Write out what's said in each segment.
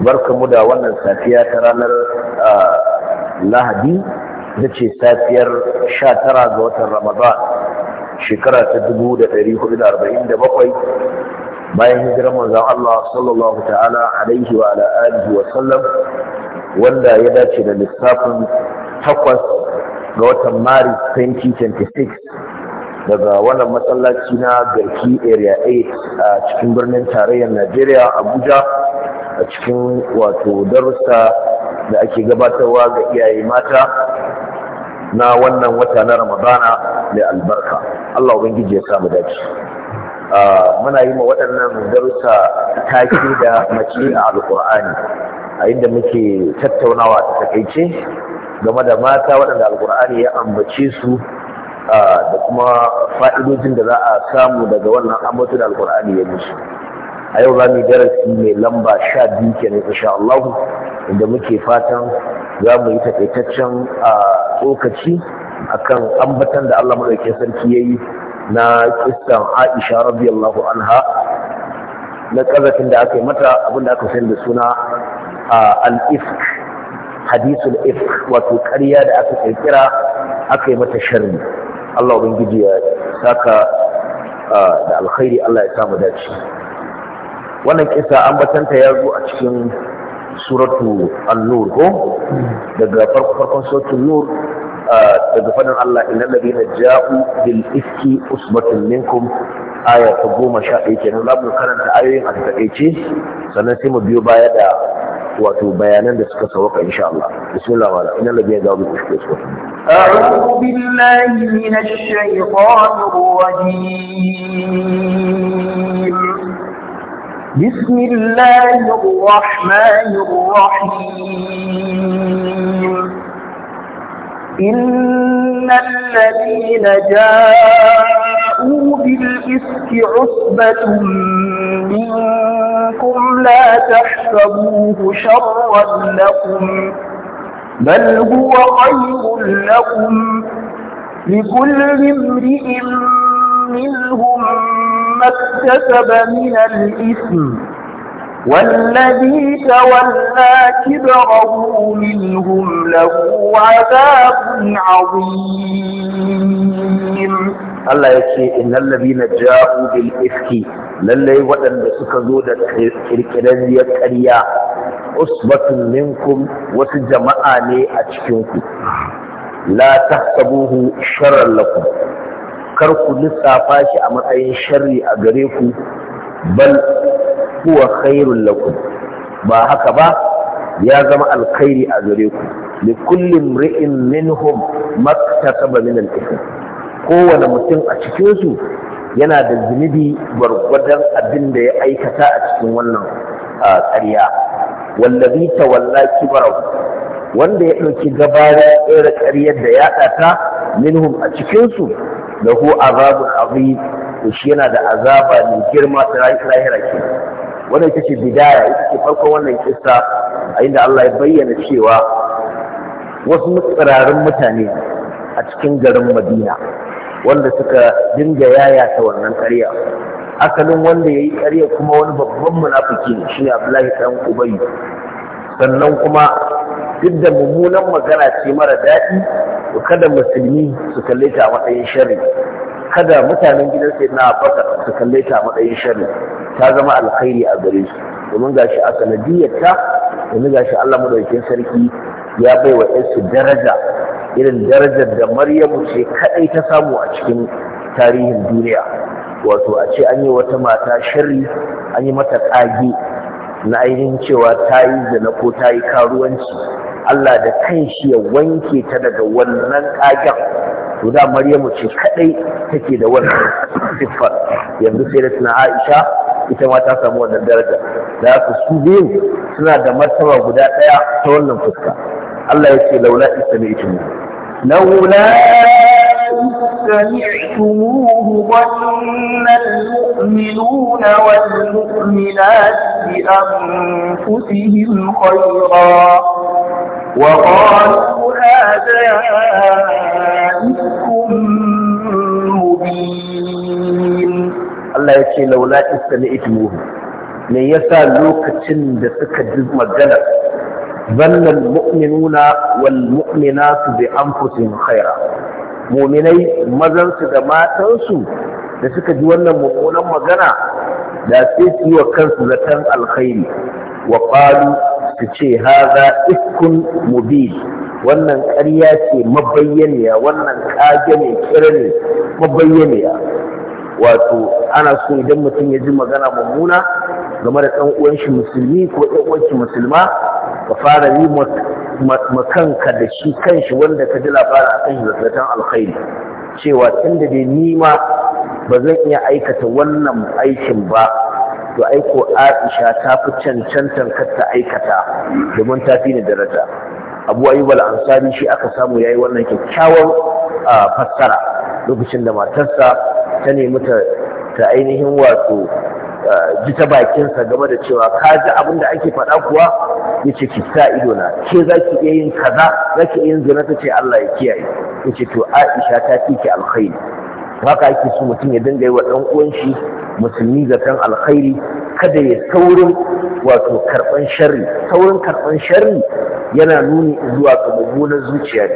barkamu da wannan safiya ta ranar lahadi da ce safiyar 19 ga watan ramadan shekara ta 1447 bayan hijirar manzan Allah sallallahu ta'ala alaihi wa ala alihi wa sallam wanda ya dace da lissafin 8 ga watan maris 2026 daga wannan matsalaci na garki area 8 a cikin birnin tarayyar najeriya abuja a cikin wato darussa da ake gabatarwa ga iyaye mata na wannan wata na ramadana mai albarka Allah ubangiji ya samu dace muna yi ma waɗannan darussa take da mace a alkur'ani a inda muke tattaunawa ta takaice game da mata waɗanda alkur'ani ya ambace su da kuma fa'idojin da za a samu daga wannan da alkur'ani ya musu a yau za mu darasi mai lamba sha biyu kenan insha Allah inda muke fatan za mu yi takaitaccen tsokaci akan ambatan da Allah madaukakin sarki ya yi na kistan Aisha radiyallahu anha na kazafin da aka yi mata abinda aka sani da suna al-ifk hadisul ifk wato ƙarya da aka ƙirƙira aka yi mata sharri Allah ubangiji ya saka da alkhairi Allah ya samu dace wannan kisa an batanta ya zo a cikin suratu an-nur ko daga farkon suratul nur daga fadin Allah innal na ja'u bil ifki usbatun minkum aya ta goma sha ɗaya kenan za karanta ayoyin a taƙaice sannan sai mu biyo baya da wato bayanan da suka sauka insha Allah bismillah wala inna ja'u bil ifki usbatun أعوذ بالله من الشيطان الرجيم بسم الله الرحمن الرحيم إن الذين جاءوا بالإفك عصبة منكم لا تحسبوه شرا لكم بل هو خير لكم لكل امرئ منهم ما اكتسب من الإثم والذي تولى كبره منهم له عذاب عظيم Allah ya ce innal ladina ja'u bil iski lallai waɗanda suka zo da kirkirarriyar ƙarya usbatun minkum wasu jama'a ne a cikin ku la tahsabuhu sharran lakum kar ku lissafa shi a matsayin sharri a gare ku bal huwa khairul lakum ba haka ba ya zama alkhairi a gare ku li kulli imri'in minhum maktasaba min al-ithm kowane mutum a cikin su yana da zunubi gwargwadon abin da ya aikata a cikin wannan ƙarya wallazi tawalla kibarahu wanda ya ɗauki gabarin ƙera ƙaryar da ya ɗata minhum a cikinsu lahu azabun azim to shi yana da azaba mai girma ta lahira ke wannan ita ce bidaya ita ce farkon wannan kissa a inda Allah ya bayyana cewa wasu tsirarin mutane a cikin garin Madina wanda suka dinga yaya ta wannan ƙarya asalin wanda ya yi ƙarya kuma wani babban munafiki ne shi Abdullahi dan Ubayy sannan kuma duk da mummunan magana ce mara daɗi to kada musulmi su kalle ta matsayin shari kada mutanen gidan sai na fasa su kalle ta a matsayin shari ta zama alkhairi a gare su domin gashi a sanadiyar ta domin gashi Allah madaukakin sarki ya bai wa yansu daraja irin darajar da Maryamu ce kadai ta samu a cikin tarihin duniya wato a ce an yi wata mata sharri an yi mata kage na ainihin cewa ta yi zina ko ta yi karuwanci Allah da kanshi ya wanke ta daga wannan kagen to da Maryamu ce kadai take da wannan siffa yanzu sai da tana Aisha ita ma ta samu wannan daraja da haka su biyu suna da martaba guda daya ta wannan fuska Allah ya ce laula istami'tum laula سمعتموه ظن المؤمنون والمؤمنات بأنفسهم خيرا وقالوا هذا إفك مبين الله يكي لولا استمعتموه me yasa lokacin da suka ji magana zannan mu'minuna wal mu'minatu bi anfusihim khaira mu'minai mazan su da matan su da suka ji wannan mummunan magana da sai su yi wa kansu zaton alkhairi wa qalu su ce haza ikun mubi wannan ƙarya ce mabayyaniya wannan ƙage ne kira ne mabayyaniya wato ana so idan mutum ya ji magana mummuna game da ɗan uwan shi musulmi ko ɗan uwan shi musulma ka fara yi makanka da shi kanshi wanda ka ji labarin kan shi zazzatan alkhairi cewa tunda dai ni ma ba zan iya aikata wannan aikin ba to aiko aisha ta fi cancantan ta aikata domin ta fi ni daraja abu ayyub ansari shi aka samu yayi wannan kyakkyawan fassara lokacin da matarsa ta nemi ta ta ainihin wato ji ta bakinsa game da cewa ka ji abin da ake faɗa kuwa ya ce ki sa ido na ke za ki iya yin kaza za ki iya yin zina ta ce Allah ya kiyaye ya to Aisha ta fi ki alkhairi haka ake so mutum ya dinga yi wa ɗan uwan shi musulmi zaton alkhairi kada ya saurin wato karɓan sharri saurin karɓan sharri yana nuni zuwa ga mummunan zuciya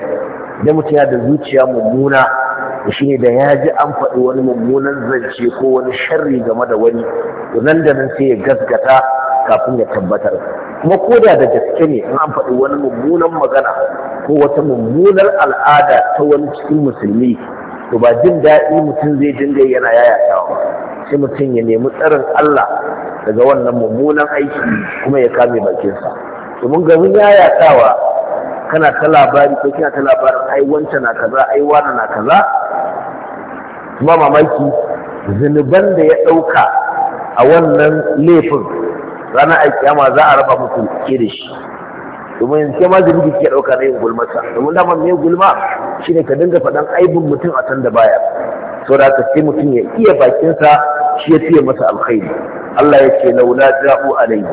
ne idan mutum yana da zuciya mummuna da shi ne da ya ji an faɗi wani mummunan zance ko wani sharri game da wani nan da nan sai ya gaskata kafin ya tabbatar kuma koda da gaske ne in an faɗi wani mummunan magana ko wata mummunar al'ada ta wani cikin musulmi to ba jin daɗi mutum zai dinga yana yayatawa ba sai mutum ya nemi tsarin Allah daga wannan mummunan aiki kuma ya kame bakinsa To mun garin yayatawa kana ta labari ko kina ta labarin ai wancan na kaza ai wannan na kaza kuma mamaki zunuban da ya ɗauka a wannan laifin ranar alkiyama za a raba mutum ke da shi domin ke ma zubi ke ɗauka na yin sa, domin dama mai gulma shine ka dinga faɗan aibin mutum a san da baya da haka sai mutum ya iya bakinsa shi ya fiye masa alkhairi Allah ya ce laula ja'u alayhi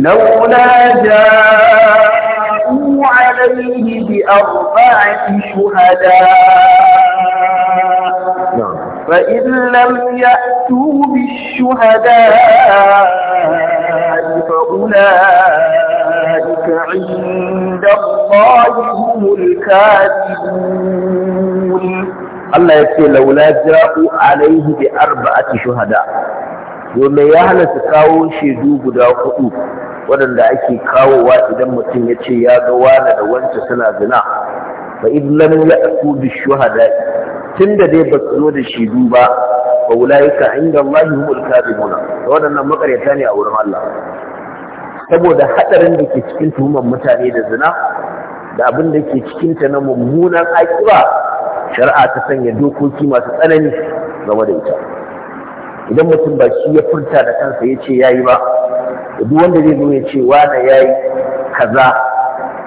laula ja'u alayhi bi arba'ati shuhada فإن لم يأتوا بالشهداء فأولئك عند الله هم الكاذبون laula ja'u alaihi bi arba'ati shuhada domin ya hana kawo shaidu guda hudu waɗanda ake kawowa idan mutum ya ya ga wani da wance suna zina fa shuhada tunda dai ba zo da shaidu ba waɗannan ne a wurin Allah saboda hadarin da ke cikin tuhumar mutane da zina da abin da ke ta na mummunan akiba shari'a ta sanya dokoki masu tsanani game da ita idan mutum ba shi ya furta da kansa ya ce yayi ba duk wanda zai zo ya ce wa wane yayi kaza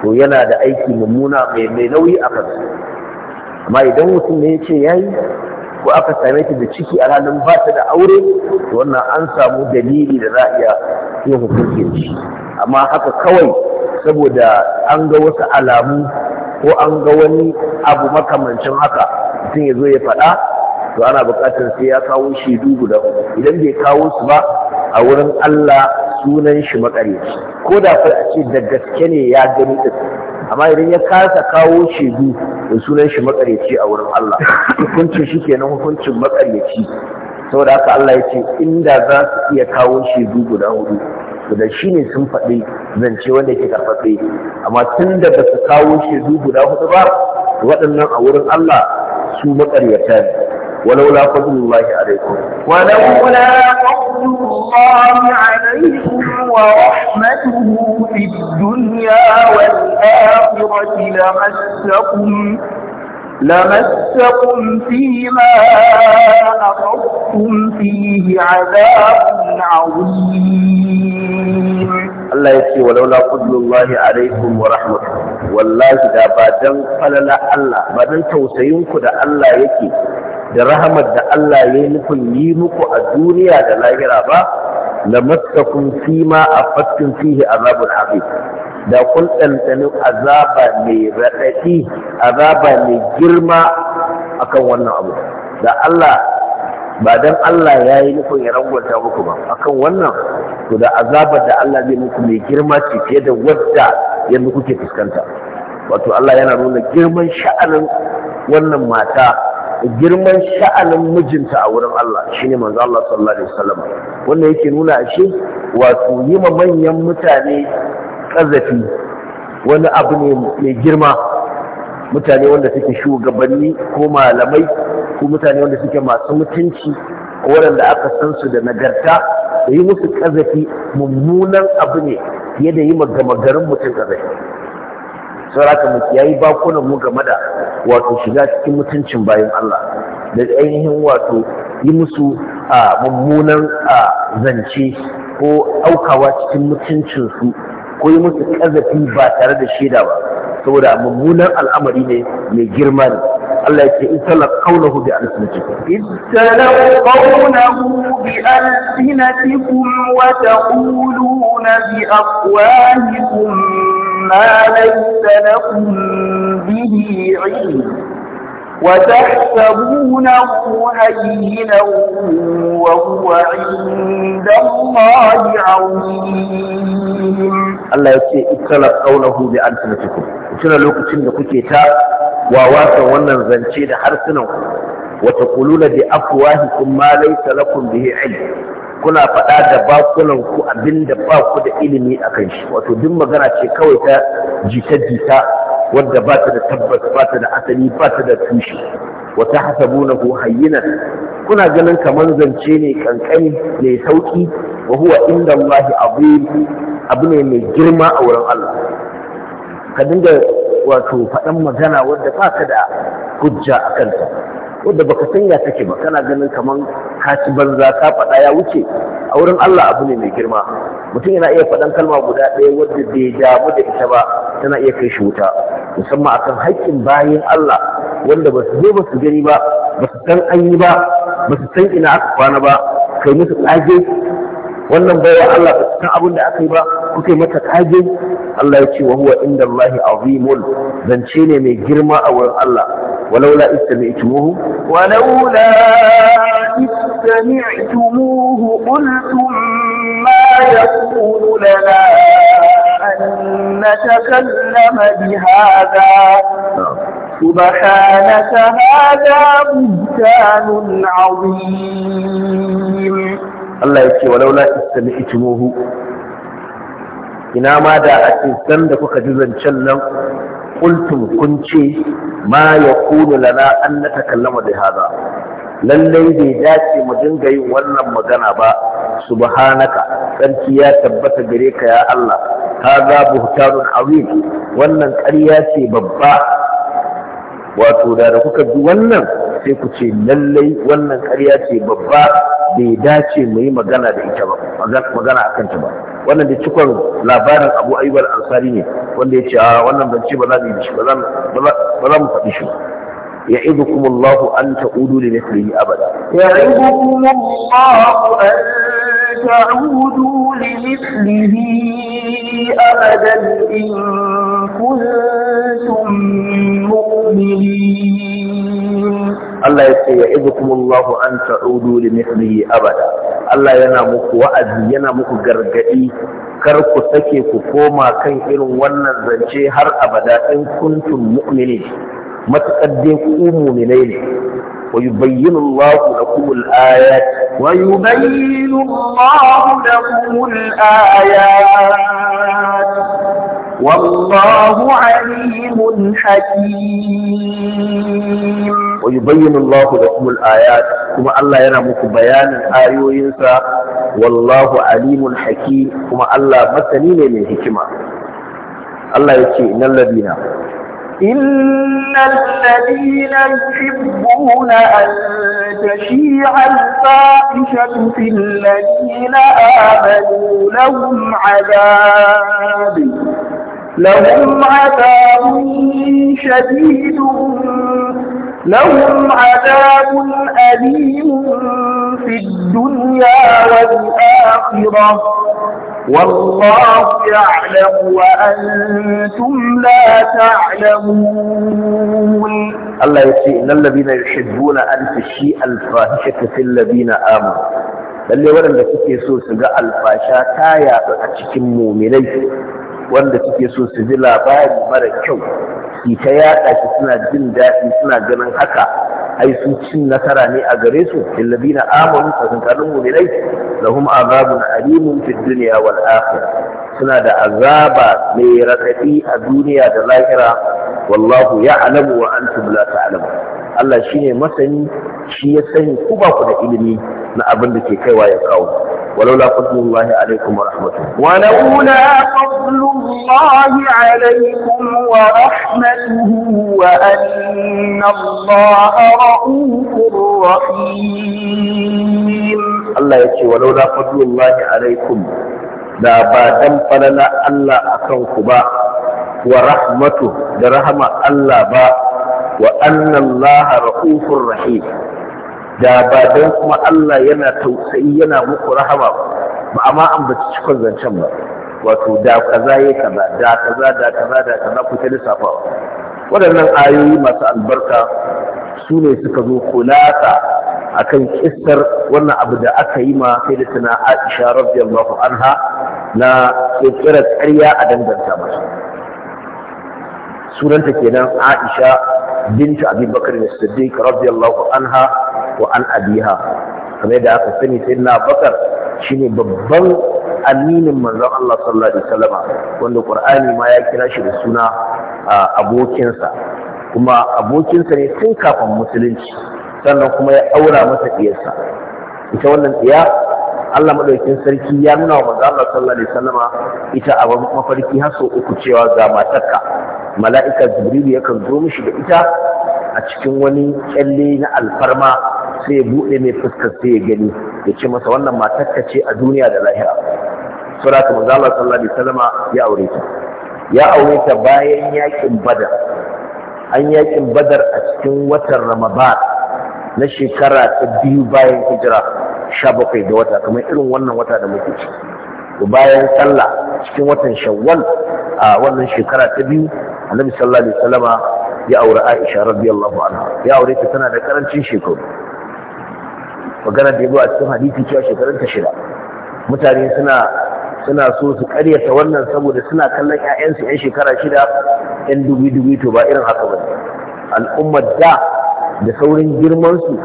to yana da aiki mummuna mai mai nauyi a kansa amma idan mutum ne ya ce yayi ko aka same ta da ciki a ranar ba ta da aure to wannan an samu dalili da za a iya sai hukunci shi amma haka kawai saboda an ga wasu alamu ko an ga wani abu makamancin haka mutum ya zo ya faɗa to ana buƙatar sai ya kawo shaidu guda idan bai kawo su ba a wurin Allah sunan shi makareci ko da kai a ce da gaske ne ya gani din amma idan ya kasa kawo shaidu da sunan shi makareci a wurin Allah hukuncin shi kenan hukuncin makareci saboda haka Allah ya ce inda za su iya kawo shaidu guda hudu to da shine sun faɗi zance wanda yake karfafe amma tun da ba su kawo shaidu guda hudu ba waɗannan a wurin Allah su maƙaryata ne ولولا فضل الله عليكم ولولا فضل الله عليكم ورحمته في الدنيا والآخرة لمسكم لمسكم فيما أخذتم فيه عذاب عظيم الله يكي ولولا فضل الله عليكم ورحمته والله إذا بادن فللا الله بعدن توسينك ده الله يكي da rahamar da Allah ya yi nufin yi muku a duniya da lahira ba lamaskakun fi ma a fattin fihi azabun habib da kun ɗanɗanin azaba mai raɗaɗi azaba mai girma akan wannan abu da Allah ba don Allah ya yi nufin ya rangwata muku ba akan wannan to da azabar da Allah zai muku mai girma ce fiye da wadda yadda kuke fuskanta wato Allah yana nuna girman sha'anin wannan mata girman sha'anin mijinta a wurin Allah shine manzo Allah sallallahu alaihi wasallam wannan yake nuna shi wato yima manyan mutane kazafi wani abu ne mai girma mutane wanda suke shugabanni ko malamai ko mutane wanda suke masu mutunci waɗanda aka san su da nagarta da yi musu kazafi mummunan abu ne fiye da yi magama garin mutum kazafi sauraka mu yi bakunan mu game da wato shiga cikin mutuncin bayan Allah da ainihin wato yi musu a mummunan zance ko aukawa cikin mutuncinsu ko yi musu ƙazafi ba tare da shaida ba saboda mummunan al'amari ne mai girma ne Allah yake in talaq qawluhu bi alsinatikum in talaq qawluhu bi alsinatikum wa taquluna bi afwahikum ما ليس لكم به علم وتحسبونه هينا وهو عند الله عظيم الله يكي اتلت قوله بألسنتكم وشنا لوكتين لكي تا وواسا ونن زنشين حرسنا وتقولون بأفواهكم ما ليس لكم به علم kuna faɗa da bakunan ku abinda ba ku da ilimi a kan shi wato duk magana ce kawai ta jita-jita wadda ba ta da tabbas ba ta da asali ba ta da tushe wata hasabuna ko hayyinan kuna ganin kamar zance ne kankani mai sauki wa huwa inda Allah abu ne mai girma a wurin Allah ka dinga wato faɗan magana wadda ba ta da hujja a kanta wadda baka san ya take ba kana ganin kamar ka ci banza ka faɗa ya wuce a wurin Allah abu ne mai girma mutum yana iya faɗan kalma guda ɗaya wadda bai damu da ita ba tana iya kai shi wuta musamman akan haƙƙin bayan Allah wanda ba su zo ba su gani ba ba su san an yi ba ba su san ina aka kwana ba kai musu ƙage wannan baiwa Allah ba su san abin da aka yi ba yi mata tsage. Allah ya ce wa huwa inda Allah azimul zance ne mai girma a wurin Allah ولولا استمعتموه ولولا استمعتموه قلتم ما يكون لنا أن نتكلم بهذا سبحانك هذا بهتان عظيم الله يكي ولولا استمعتموه ina ma da a cikin da kuka ji zancen nan kultun kun ce ma ya kunu lana an na takallama da hada lallai bai dace mu dinga yin wannan magana ba subhanaka sarki ya tabbata gare ka ya Allah hada buhtanun awil wannan ƙarya ce babba wato da da kuka bi wannan sai ku ce lallai wannan ƙarya ce babba bai dace mu yi magana da ita ba magana a kanta ba wannan da cikon labarin abu ayyubar ansari ne wanda ya ce a ah, wannan zance ba za mu yi shi ba za mu faɗi shi ba يعظكم الله أن تعودوا لمثله أبدا يعظكم الله أن تعودوا لمثله أبدا إن كنتم مؤمنين Allah ya ce ya ibukumullahu an ta'udu li mithlihi abada Allah yana muku wa'azi yana muku gargadi kar ku sake ku koma kan irin wannan zance har abada in kuntum mu'minin matakar dai ku mu'minai ne wa yubayyinu Allahu lakum al-ayati ويبين الله لكم الآيات والله عليم حكيم ويبين الله لكم الآيات كما الله يرمك بيان آيو ينسى والله عليم حكيم كما الله مثلين من حكمة الله يتشئ إن الذين إن الذين يحبون أن تشيع الفاحشة في الذين آمنوا لهم عذاب لهم عذاب شديد لهم عذاب أليم في الدنيا والآخرة والله يعلم وأنتم لا تعلمون الله يقول إن الذين يحبون أن تشيء الفاحشة في الذين آمنوا lalle waɗanda suke so su ga alfasha ta yaɗu a cikin muminai wanda suke so su ji labari mara kyau su ta yaɗa shi suna jin daɗi suna ganin haka ai su cin nasara ne a gare su illabina amanu kasantarin muminai لهم عذاب عليم في الدنيا والآخرة سنة عذاب ليرتقي الدنيا والآخرة والله يعلم وأنتم لا تعلمون الله شيني مسني شيني سني كبا قد إلمي ما أبندك كوا يقاوم ولولا فضل الله عليكم ورحمة الله ولولا فضل الله عليكم ورحمته وأن الله رؤوف رحيم Allah ya ce walau la fadlullahi alaikum da ba dan falala Allah akan ku ba wa rahmatu da rahama Allah ba wa anna Allah raufur rahim da ba dan kuma Allah yana tausayi yana muku rahama ba amma an ba cikon zancen ba wato da kaza ya kaza da kaza da kaza da kaza ku ta lissafawa waɗannan ayoyi masu albarka su ne suka zo kulata akan kissar wannan abu da aka yi ma sai da tana Aisha radiyallahu anha na kira ƙarya a danganta masu. sunanta kenan Aisha bintu Abi Bakar as-Siddiq radiyallahu anha wa an abiha kamar da aka sani sayyidina Bakar shine babban aminin manzon Allah sallallahu alaihi wasallama wanda Qur'ani ma ya kira shi da suna ah, abokinsa kuma abokinsa ne tun kafin musulunci sannan kuma ya aura masa ɗiyarsa ita wannan ɗiya Allah maɗaukin sarki ya nuna wa manzo Allah sallallahu alaihi wasallama ita a mafarki har sau uku cewa ga matarka mala'ika jibril yakan zo mishi da ita a cikin wani kyalle na alfarma sai ya buɗe mai fuskar sai ya gani ya ce masa wannan matarka ce a duniya da lahira sura ta manzo Allah sallallahu alaihi wasallama ya aure ta ya aure ta bayan yakin badar an yaƙin badar a cikin watan ramadan na shekara ta biyu bayan hijira sha bakwai da wata kamar irin wannan wata da muke ci bayan sallah cikin watan shawwal a wannan shekara ta biyu annabi sallallahu alaihi wasallama ya aure Aisha radiyallahu anha ya aure ta tana da karancin shekaru magana da yabo a cikin hadisi cewa shekarun ta shida mutane suna suna so su karyata wannan saboda suna kallon ƴaƴansu ƴan shekara shida ƴan dubi dubi to ba irin haka ba al'ummar da da saurin girmansu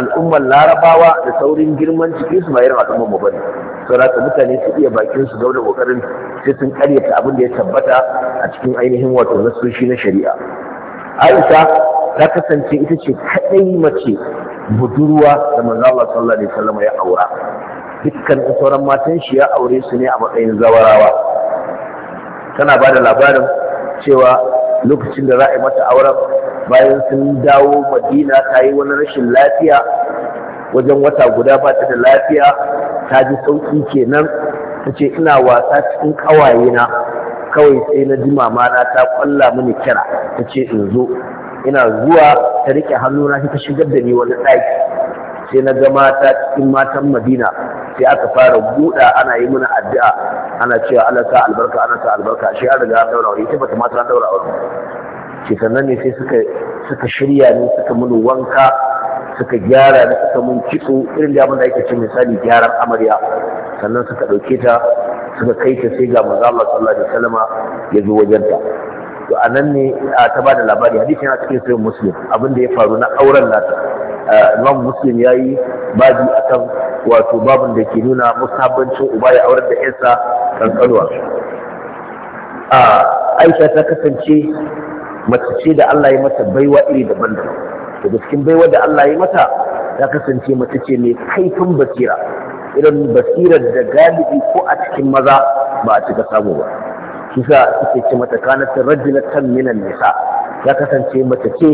al'ummar larabawa da saurin girman cikinsu ba irin al'ummar mu bane saboda mutane su iya bakin su gauda kokarin sai sun karyata abin da ya tabbata a cikin ainihin wato nasoshi na shari'a Aisha ta kasance ita ce kadai mace budurwa da manzo Allah sallallahu alaihi wasallam ya aura dukkan sauran matan shi ya aure su ne a matsayin zawarawa tana ba da labarin cewa lokacin da za a mata auren bayan sun dawo madina ta yi wani rashin lafiya wajen wata guda ba ta da lafiya ta ji sauƙi kenan ta ce ina wasa cikin ƙawayena kawai sai na ji mamana ta ƙwalla mini kira ta ce in zo ina zuwa ta riƙe hannuna ta shigar da ni wani ɗaki sai na ga mata cikin matan madina sai aka fara buɗa ana yi mana addu'a ana cewa Allah sa albarka ana sa albarka shi an riga an daura aure ita bata ma ta daura aure ce sannan ne sai suka suka shirya ni suka mun wanka suka gyara ne suka mun kitso irin da abin da ake ce misali gyaran amarya sannan suka ɗauke ta suka kai ta sai ga manzo Allah sallallahu alaihi wasallama ya zo wajenta to anan ne a ta ba da labari hadisi yana cikin sahih muslim abin da ya faru na auren nata eh, imam muslim ya yi akan wato babin da ke nuna musabbancin uba ya aurar da yarsa kankanuwa a aisha ta kasance mace ce da Allah ya mata baiwa iri daban-daban To cikin baiwa da Allah ya mata ta kasance mace ce mai kaifin basira irin basirar da galibi ko a cikin maza ba a cika samu ba kisa suke ce mata kanatin rajulatan minan nisa ya kasance mace ce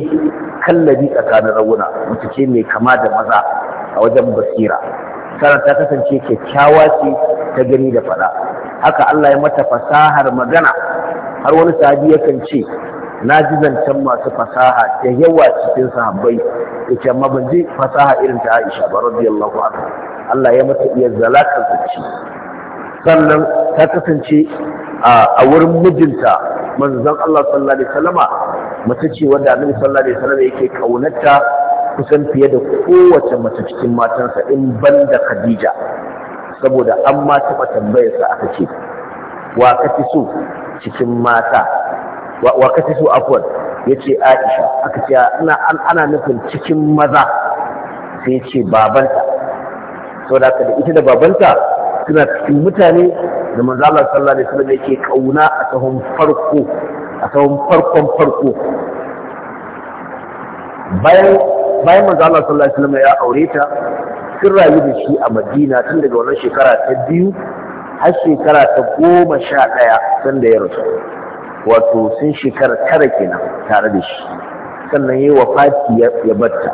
kallabi tsakanin raguna mace ce mai kama da maza a wajen basira shekarar ta kasance kyakkyawa ce ta gani da fada haka Allah ya mata fasahar magana har wani sahabi yakan ce na ji zancen masu fasaha da yawa cikin sahabbai yake amma ban ji fasaha irin ta Aisha ba radiyallahu anha Allah ya mata iya zalaka zance sannan ta kasance a wurin mijinta manzon Allah sallallahu alaihi wasallama mace ce wanda Annabi sallallahu alaihi wasallama yake kaunarta kusan fiye da kowace mace cikin matansa in ban da khadija saboda an ma taɓa tambayarsa aka ce wa ka fi so cikin mata wa ka fi so afwan ya ce aisha aka ce ana nufin cikin maza sai ce babanta saboda haka da ita da babanta suna cikin mutane da manzo Allah sallallahu alaihi wasallam yake kauna a tsohon farko a tsohon farkon farko bayan bayan manzo Allah sallallahu alaihi wasallam ya aure ta sun rayu da shi a Madina tun daga wannan shekara ta biyu har shekara ta goma sha ɗaya sanda ya rasu wato sun shekara tara kenan tare da shi sannan yi wafati ya batta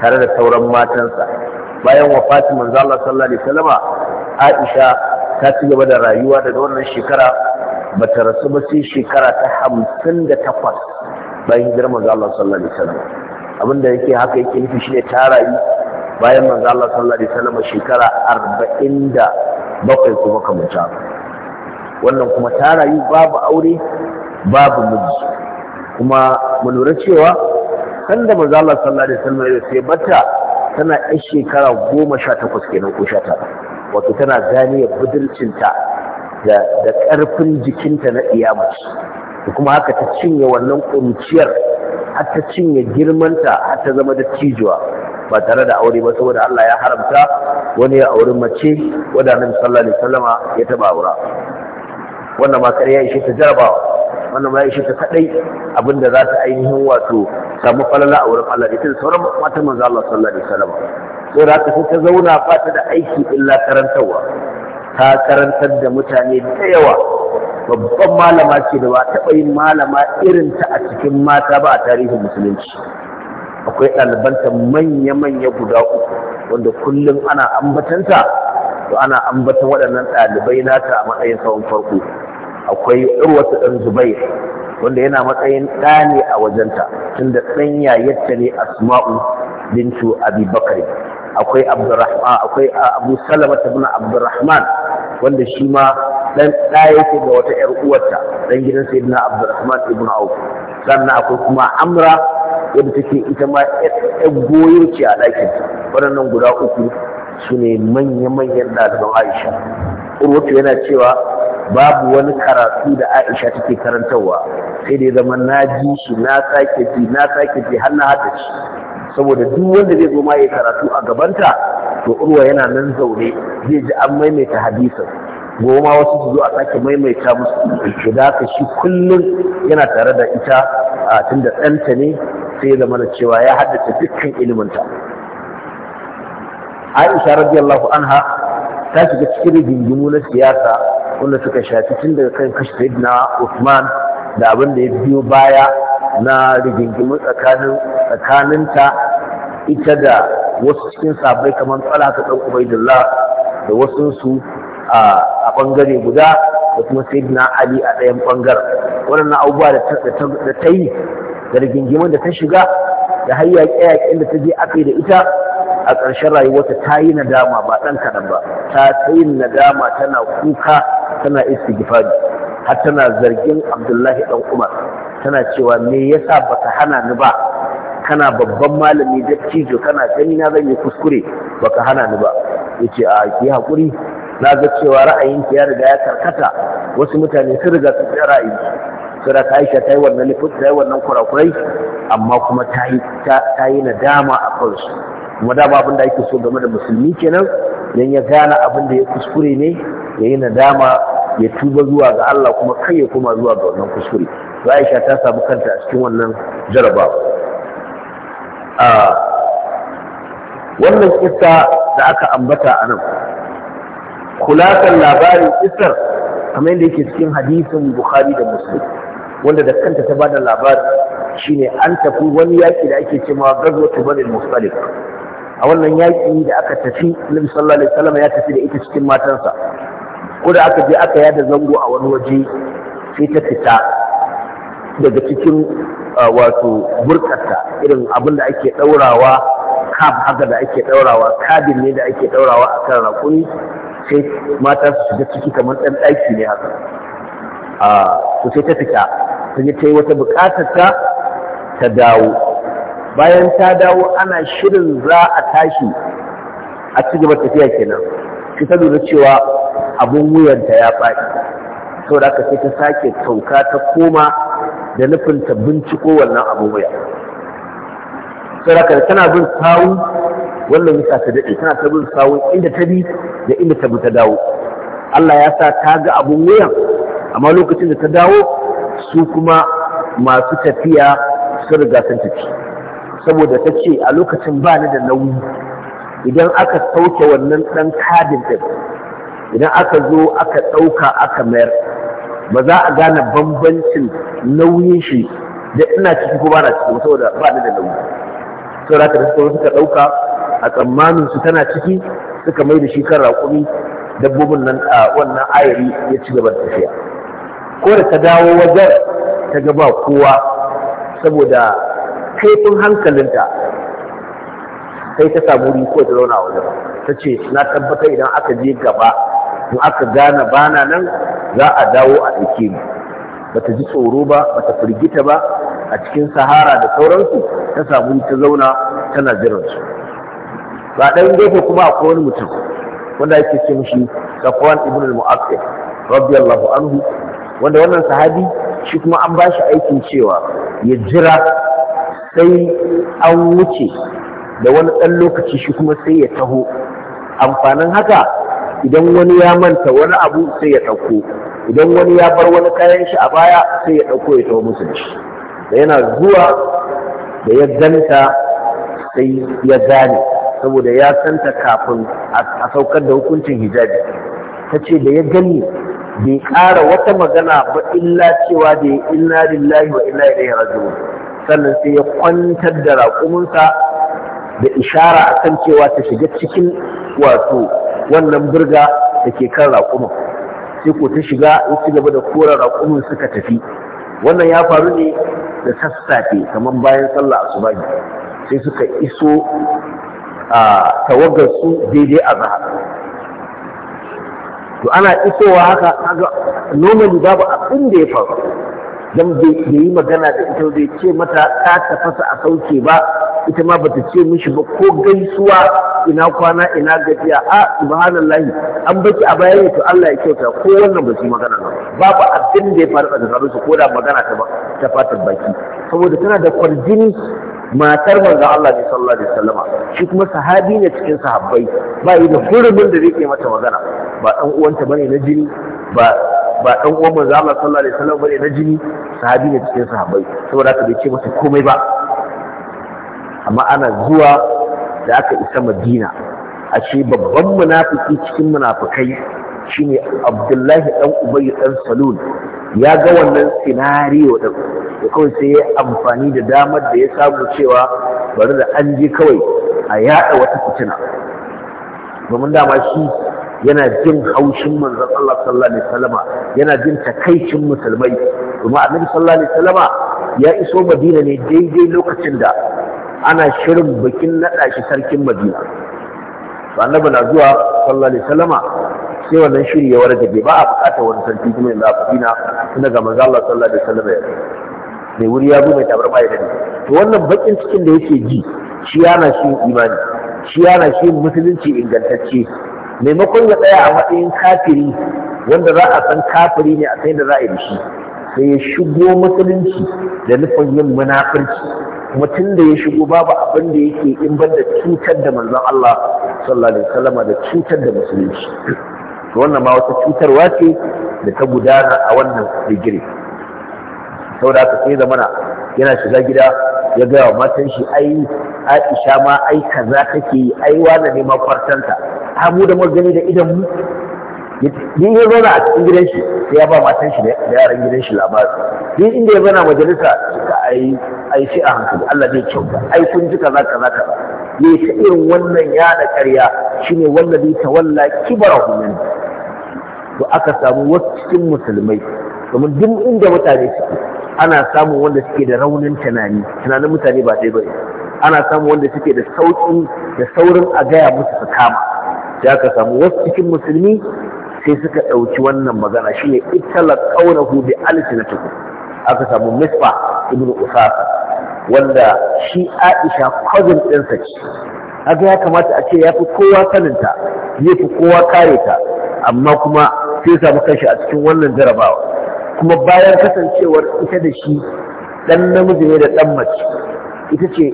tare da sauran matansa bayan wafati manzo Allah sallallahu alaihi wasallam Aisha ta ci gaba da rayuwa daga wannan shekara bata rasu ba sai shekara ta hamsin da takwas bayan girman Allah sallallahu alaihi wasallam Abin abinda yake haka yake nufi shine tarayi bayan manzo Allah sallallahu alaihi wasallam shekara arba'in da bakwai kuma kamata wannan kuma tarayi babu aure babu miji kuma mu lura cewa kan da manzo Allah sallallahu alaihi wasallam ya sai bata tana yar shekara takwas kenan ko wato tana ya budurcinta da da karfin jikinta na iyamaci kuma haka ta cinye wannan kuruciyar Hatta ta cinye girmanta hatta zama da cijuwa ba tare da aure ba saboda Allah ya haramta wani ya auri mace wadda Annabi sallallahu alaihi wasallama ya taba aura wannan ma ya ishe ta jarabawa wannan ma ya ishe ta kadai abinda za ta ainihin wato samu falala a wurin Allah ita da sauran matan manzo Allah sallallahu alaihi wasallama saboda haka sai ta zauna ba da aiki illa karantawa ta karantar da mutane da yawa babban malama ce da ba taɓa yin malama irinta a cikin mata ba a tarihin musulunci akwai ɗalibanta manya-manya guda uku wanda kullum ana ambatanta to ana ambatan waɗannan ɗalibai nata a matsayin tsawon farko akwai irwata ɗan zubair wanda yana matsayin ɗa ne a wajenta tunda ɗan yayyarta ne asma'u bintu abi akwai abdurrahman akwai abu salama ta ibn abdurrahman wanda shi ma ɗan ɗa yake ga wata ƴar uwarta ɗan gidan sayyidina abdurrahman ibn auf sannan akwai kuma amra wadda take ita ma ƴar goyo ce a ɗakin waɗannan guda uku su ne manya-manyan ɗaliban aisha urwatu yana cewa babu wani karatu da Aisha take karantarwa sai dai zaman zama na ji shi na sake ji na sake ji har na hada shi saboda duk wanda zai zo ma yi karatu a gabanta to urwa yana nan zaune zai ji an maimaita hadisin goma wasu su zo a sake maimaita musu da haka shi kullum yana tare da ita a tunda ɗanta ne sai zama da cewa ya haddace dukkan ta. Aisha radiyallahu anha ta shiga cikin rigingimu na siyasa wanda suka shafi tun daga kan kashe na Usman da abin da ya biyo baya na rigingimu tsakanin tsakaninta ita da wasu cikin sabai kamar Talaka ɗan Ubaidullah da wasu su a ɓangare guda da kuma Sayyidina Ali a ɗayan bangaren waɗannan abubuwa da ta yi da rigingimun da ta shiga da har yaƙe-yaƙen da ta je aka da ita a ƙarshen rayuwarta ta yi nadama ba ɗan kaɗan ba ta yi nadama tana kuka tana istighfari har tana zargin abdullahi ɗan umar tana cewa me yasa baka hana ni ba kana babban malami da cijo kana gani na zan yi kuskure baka hana ni ba yace a ki hakuri na ga cewa ra'ayinki ya riga ya karkata wasu mutane sun riga sun tsaya ra'ayi sura ta Aisha ta yi wannan lifin ta yi wannan kurakurai amma kuma ta yi nadama a kansu kuma dama abin da ake so game da musulmi kenan dan ya gane abin da ya kuskure ne ya yi nadama ya tuba zuwa ga Allah kuma kai ya koma zuwa ga wannan kuskure to Aisha ta samu kanta a cikin wannan jarabawa wannan kissa da aka ambata a nan kulasan labarin kissar kamar yadda yake cikin hadisin Bukhari da Muslim wanda da kanta ta bada labarin shine an tafi wani yaki da ake cewa gazwatu banil mustalik a wannan yaƙi da aka tafi nabi sallallahu alaihi wasallam ya tafi da ita cikin matansa ko da aka je aka yada zango a wani waje sai ta fita daga cikin wato burkata. irin abin da ake ɗaurawa kab haka da ake ɗaurawa kabin ne da ake ɗaurawa a kan rakuni sai mata su shiga ciki kamar ɗan ɗaki ne haka to sai ta fita ta ta yi wata buƙatar ta dawo bayan ta dawo ana shirin za a tashi a ci gaba tafiya kenan sai ta lura cewa abun wuyanta ya faɗi da, aka sai ta sake sauka ta koma da nufin ta binciko wannan abun wuya Sau da, haka tana bin sawu wannan yasa ta daɗe tana ta bin sawu inda ta bi da inda ta bi ta dawo Allah ya sa ta ga abun wuyan amma lokacin da ta dawo su kuma masu tafiya sun riga sun tafi saboda ta ce a lokacin ba ni da nauyi idan aka sauke wannan ɗan kadin ɗin idan aka zo aka ɗauka aka mayar ba za a gane bambancin nauyin shi da ina ciki ko bana ciki saboda ba ni da nauyi da haka da suka ɗauka a tsammanin su tana ciki suka mai da shi kan raƙumi dabbobin nan a wannan ayari ya ci gaba da tafiya ko da ta dawo wajen ta gaba kowa saboda kaifin hankalinta sai ta samu riko ta zauna wajen ta ce na tabbatar idan aka je gaba in aka gane bana nan za a dawo a ɗauke mu bata ji tsoro ba bata firgita ba a cikin sahara da sauransu ta samu ta zauna tana jiran su ba ɗan gefe kuma akwai wani mutum wanda yake ce mishi safwan ibn al-mu'aqqil radiyallahu anhu wanda wannan sahabi shi kuma an ba shi aikin cewa ya jira sai an wuce da wani ɗan lokaci shi kuma sai ya taho amfanin haka idan wani ya manta wani abu sai ya ɗauko idan wani ya bar wani kayan shi a baya sai ya ɗauko ya taho musu da shi da yana zuwa da ya ganta sai ya gane saboda ya santa kafin a saukar da hukuncin hijabi ta ce da ya gani bai ƙara wata magana ba illa cewa da ya inna lillahi wa inna ilaihi raji'un sannan sai ya kwantar da raƙuminsa da ishara a kan cewa ta shiga cikin wato wannan birga da ke kan raƙumin sai ko ta shiga ya ci gaba da kora raƙumin suka tafi wannan ya faru ne da sassafe kamar bayan sallah asuba sai suka iso a tawagarsu daidai a zahar to ana isowa haka kaga normally babu abin da ya faru don bai yi magana da ita bai ce mata ta tafasa a sauke ba ita ma bata ce mishi ba ko gaisuwa ina kwana ina gajiya a subhanallahi an baki a bayan to Allah ya kyauta ko wannan ba su magana ba babu abin da ya faru a tsakaninsu ko da magana ta ba ta fatar baki saboda tana da kwarjini matar manzo Allah ne sallallahu alaihi wasallama shi kuma sahabi ne cikin sahabbai ba yi da hurumin da zai mata magana ba dan uwanta bane na jini ba ba ɗan uwan manzo Allah sallallahu alaihi wasallam bane na jini sahabi ne cikin sahabai saboda aka bai ce masa komai ba amma ana zuwa da aka isa Madina a ce babban munafiki cikin munafikai shine Abdullahi ɗan Ubay dan Salul ya ga wannan scenario din da kawai sai ya amfani da damar da ya samu cewa bari da an je kawai a yada wata fitina domin dama shi yana jin haushin manzon Allah sallallahu alaihi wasallama yana jin takaicin musulmai kuma annabi sallallahu alaihi wasallama ya iso Madina ne daidai lokacin da ana shirin bikin nada shi sarkin Madina to annabi na zuwa sallallahu alaihi wasallama sai wannan shiri ya wargaje ba a bukata wani sarki kuma yanzu a Madina tun daga manzon Allah sallallahu alaihi wasallama ya mai wuri ya zo mai tabarma ya dade to wannan bakin cikin da yake ji shi yana shi imani shi yana shi musulunci ingantacce maimakon ya tsaya a matsayin kafiri wanda za a san kafiri ne a sai da za a yi shi sai ya shigo musulunci da nufin yin munafurci mutum da ya shigo babu abin da yake in ban da cutar da manzon Allah sallallahu alaihi wasallam da cutar da musulunci to wannan ma wata cutarwa ce da ta gudana a wannan digiri saboda haka sai zamana yana shiga gida ya gaya wa matan shi ai Aisha ma ai kaza take yi ai wani ne ma kwartanta ha mu da magani da idan mu ni ya zauna a cikin gidan shi sai ya ba matan shi da yaran gidan shi labari ni inda ya zauna majalisa suka ai ai shi a hankali Allah zai kyauta ai kun ji kaza kaza kaza yayi ta irin wannan ya da ƙarya shine wallazi tawalla kibarahu min to aka samu wasu cikin musulmai domin duk inda mutane suke ana samun wanda suke da raunin tunani tunanin mutane ba ɗaya bane ana samun wanda suke da sauƙi da saurin a gaya musu su kama da aka samu wasu cikin musulmi sai suka ɗauki wannan magana shine ittala qawluhu bi alsinatikum aka samu misfa ibnu usasa wanda shi aisha cousin ɗinsa ce haka ya kamata a ce ya fi kowa saninta ya fi kowa kare ta amma kuma sai samu kanshi a cikin wannan jarabawa kuma bayan kasancewar ita da shi ɗan namiji ne da ɗan mace ita ce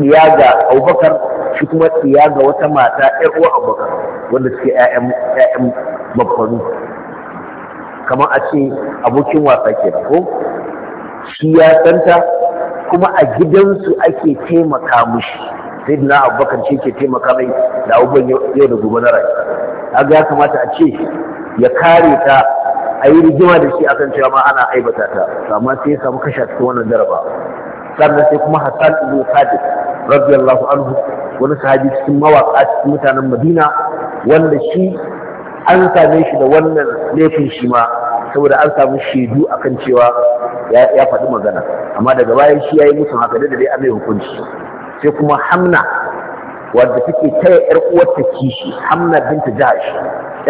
iya ga abubakar shi kuma iya ga wata mata ɗan uwa abubakar wanda suke ƴaƴan babbanu kamar a ce abokin wasa ke ko shi ya santa kuma a gidansu ake taimaka mushi sai na abubakar shi ke taimaka mai da abubakar yau da gobe na rayuwa ya kamata a ce ya kare ta a yi rigima da shi akan cewa ma ana aibata ta amma sai ya samu kasha cikin wannan jaraba sannan sai kuma Hassan ibn Sabit radiyallahu anhu wani sahabi cikin mawaka cikin mutanen Madina wanda shi an same shi da wannan laifin shi ma saboda an samu shaidu akan cewa ya faɗi magana amma daga baya shi yayi musu haka da dai amai hukunci sai kuma Hamna wadda take taya yar uwarta kishi Hamna binta Jahash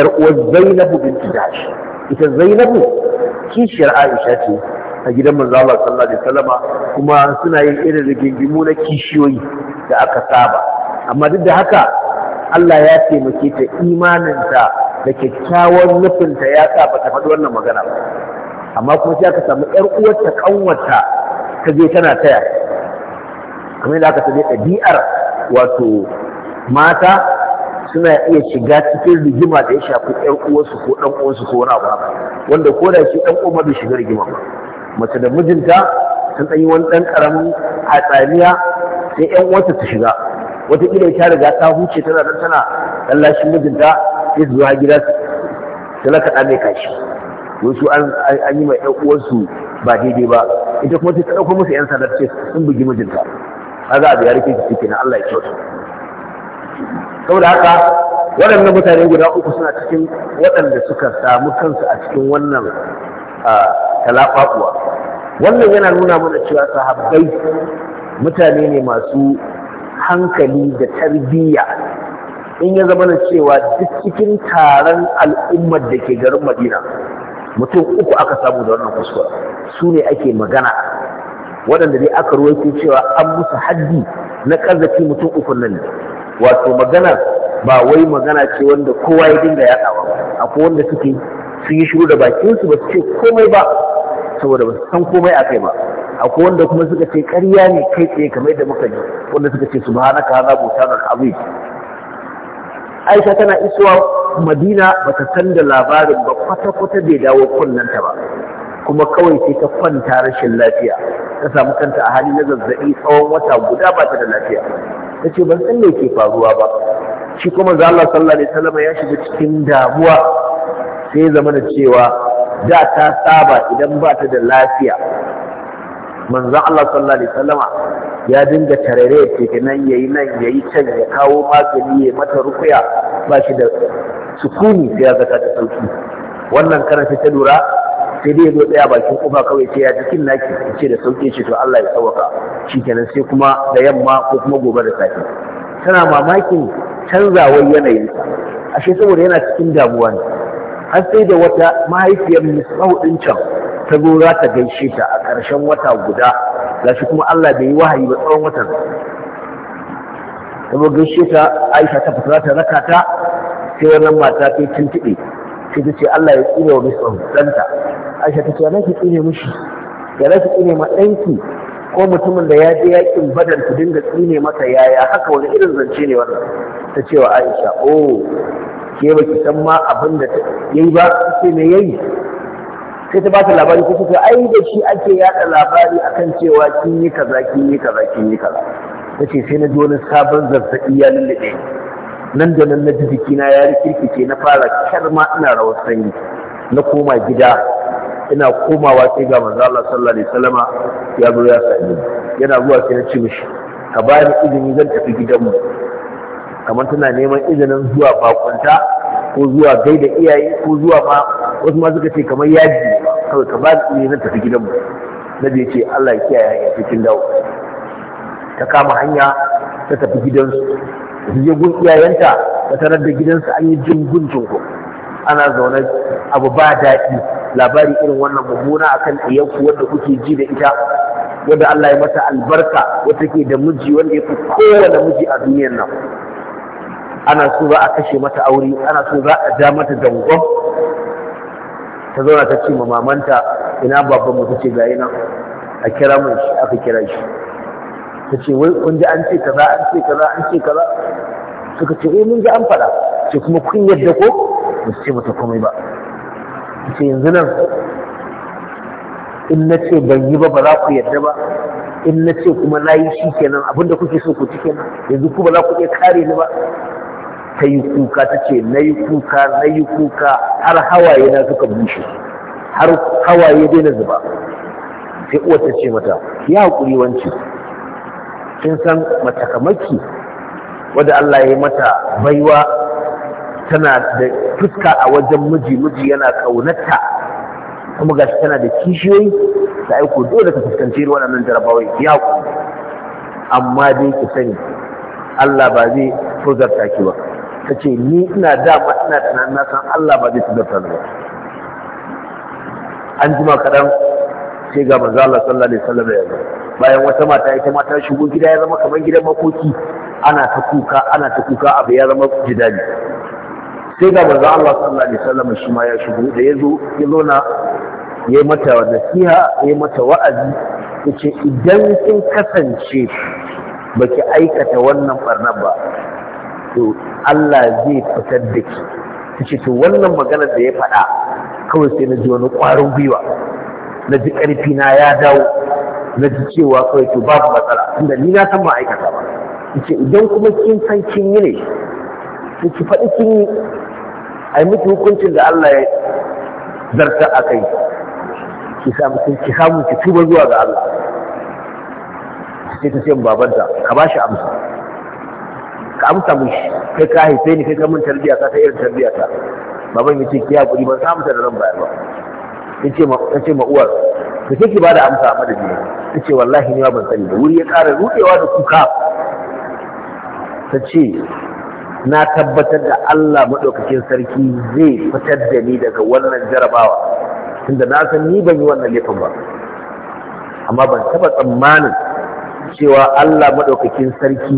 yar uwar Zainab binta Jahash ita zainabu kishiyar aisha ce a gidan manzo Allah sallallahu alaihi wasallama kuma suna yin irin rigingimu na kishiyoyi da aka saba amma duk da haka Allah ya taimake ta imaninta da kyakkyawan nufinta ya sa ba ta faɗi wannan magana ba amma kuma sai aka samu ƴar uwarta kanwarta ta je tana taya kamar yadda aka sani ɗabi'ar wato mata suna iya shiga cikin rigima da ya shafi ɗan uwansu ko ɗan uwansu ko wani abu haka wanda ko da shi ɗan uwan bai shiga rigima ba mace da mijinta sun ɗan yi wani ɗan ƙaramin hatsaniya sai ƴan uwansa ta shiga wataƙila ta riga ta huce tana nan tana tsallashin mijinta sai su zuwa gida su ɗan mai kashi wasu an yi ma ƴan uwansu ba daidai ba ita kuma ta ɗauko musu ƴan sanar ce sun bugi mijinta kaga abu ya rike ciki na Allah ya kyautu saboda haka waɗannan mutane guda uku suna cikin waɗanda suka samu kansu a cikin wannan talafakuwa. wannan yana nuna mana cewa sahabbai mutane ne masu hankali da tarbiyya in ya zama na cewa duk cikin taron al'ummar da ke garin madina mutum uku aka samu da wannan kuskure su ne ake magana waɗanda dai aka ruwaito cewa an musu haddi na ƙazafi mutum uku nan wato magana ba wai magana ce wanda kowa ya dinga yaɗawa ba akwai wanda suke su yi shiru da bakinsu ba su ce komai ba saboda ba su san komai a kai ba akwai wanda kuma suka ce ƙarya ne kai tsaye kamar yadda muka ji wanda suka ce subhanaka hadha ga azim Aisha tana isuwa Madina ta san da labarin ba kwata-kwata bai dawo ta ba kuma kawai sai ta kwanta rashin lafiya ta samu kanta a hali na zazzabi tsawon wata guda ba ta da lafiya yace ban san me ke faruwa ba shi kuma za Allah sallallahu alaihi wasallam ya shiga cikin damuwa sai ya zama da cewa da ta saba idan ba ta da lafiya manzo Allah sallallahu alaihi ya dinga tarare ce nan yayi nan yayi can ya kawo magani ya mata rukuya ba shi da sukuni sai ya zaka ta sauki wannan karanta ta lura sai dai zo tsaya bakin kofa kawai ce ya cikin naki ce da sauke ce to Allah ya sauka kenan sai kuma da yamma ko kuma gobe da safe tana mamakin canza canzawar yanayin ashe saboda yana cikin damuwa ne har sai da wata mahaifiyar misrau din can ta zo za ta gaishe ta a ƙarshen wata guda shi kuma Allah bai yi wahayi ba tsawon watan ta zo gaishe ta Aisha ta fita ta raka ta sai wannan mata ta tuntube sai ta ce Allah ya tsira wa misrau ɗanta aisha ta ce na ki tsine mushi da na tsine ma ɗanki ko mutumin da ya je yakin badar ku dinga tsine masa yaya haka wani irin zance ne wannan ta ce wa aisha oh ke ba ki san ma abin da yayi ba sai me yayi sai ta ba ta labari ko kuka ai da shi ake yada labari akan cewa kin yi kaza kin yi kaza kin yi kaza ce sai na ji wani sabon zazzabi ya lullube nan da nan na ji jikina ya rikirkice na fara ma ina rawar sanyi na koma gida ina komawa ce ga manzo Allah sallallahu alaihi wasallama ya zo ya sani yana zuwa sai na ci mishi ka ba ni izini zan tafi gidanmu kamar tana neman izinin zuwa bakunta ko zuwa gaida iyaye ko zuwa ma wasu ma suka ce kamar yaji kawai ka ba ni izini zan tafi gidanmu na ya ce Allah ya kiyaye hanya cikin dawo ta kama hanya ta tafi gidansu su je gun iyayenta ta tarar da gidansu an yi jin jingun ana zaune abu ba daɗi labari irin wannan mummuna akan ɗiyanku wanda kuke ji da ita wadda Allah ya mata albarka wata ke da miji wanda ya fi kowane miji a duniyar nan ana so za a kashe mata aure ana so za a ja mata dangon ta zauna ta ce mamanta ina babban mu ta ce ga nan a kira mun shi aka kira shi ta ce wai kun ji an ce kaza an ce kaza an ce kaza suka ce eh mun ji an faɗa ce kuma kun yadda ko ba su ce mata komai ba ce yanzu nan in na ce ban yi ba ba za ku yadda ba in na ce kuma na yi shi kenan abinda kuke so ku ci kenan yanzu ku ba za ku iya kare ni ba ta yi kuka ta ce na yi kuka na yi kuka har hawaye na suka bushe har hawaye dai na zuba sai uwar ta ce mata ya haƙuri wancan, kin san matakamaki wadda Allah ya yi mata baiwa tana da fuska a wajen miji miji yana kaunarta kuma ga shi tana da kishiyoyi da aiko dole ka fuskanci waɗannan jarabawa ya ku amma dai ki sani Allah ba zai furgarta ki ba ta ce ni ina dama ina tunanin na san Allah ba zai furgarta ni ba an jima kaɗan sai ga manzo Allah sallallahu alaihi wasallam ya zo bayan wata mata ita ma ta shigo gida ya zama kamar gidan makoki ana ta kuka ana ta kuka abu ya zama jidali sai ga manzo Allah sallallahu alaihi wasallam shi ma ya shigo da yazo ya zo na yayi mata nasiha yayi mata wa'azi yace idan kin kasance baki aikata wannan barnan ba to Allah zai fitar da ki tace to wannan maganar da ya faɗa kawai sai na ji wani ƙwarin gwiwa na ji ƙarfi na ya dawo na ji cewa kawai to babu matsala tunda ni na san ba aikata ba yace idan kuma kin san kin yi ne su ki faɗi kin yi a yi miki hukuncin da Allah ya zarta a kai ki samu ki samu ki tuba zuwa ga Allah sai ta ce babanta ka ba shi amsa ka amsa mishi kai ka haife ni kai ka mun tarbiya ka ta irin tarbiya ta baban ya ce ki hakuri ban samu ta da ran bayar ba ta ce ma uwar ta ce ki ba da amsa a madadi ta ce wallahi ni ma ban sani da wuri ya ƙara rudewa da kuka ta ce na tabbatar da Allah maɗaukakin sarki zai fitar da ni daga wannan jarabawa tunda na san ni ban yi wannan laifin ba amma ban taɓa tsammanin cewa Allah maɗaukakin sarki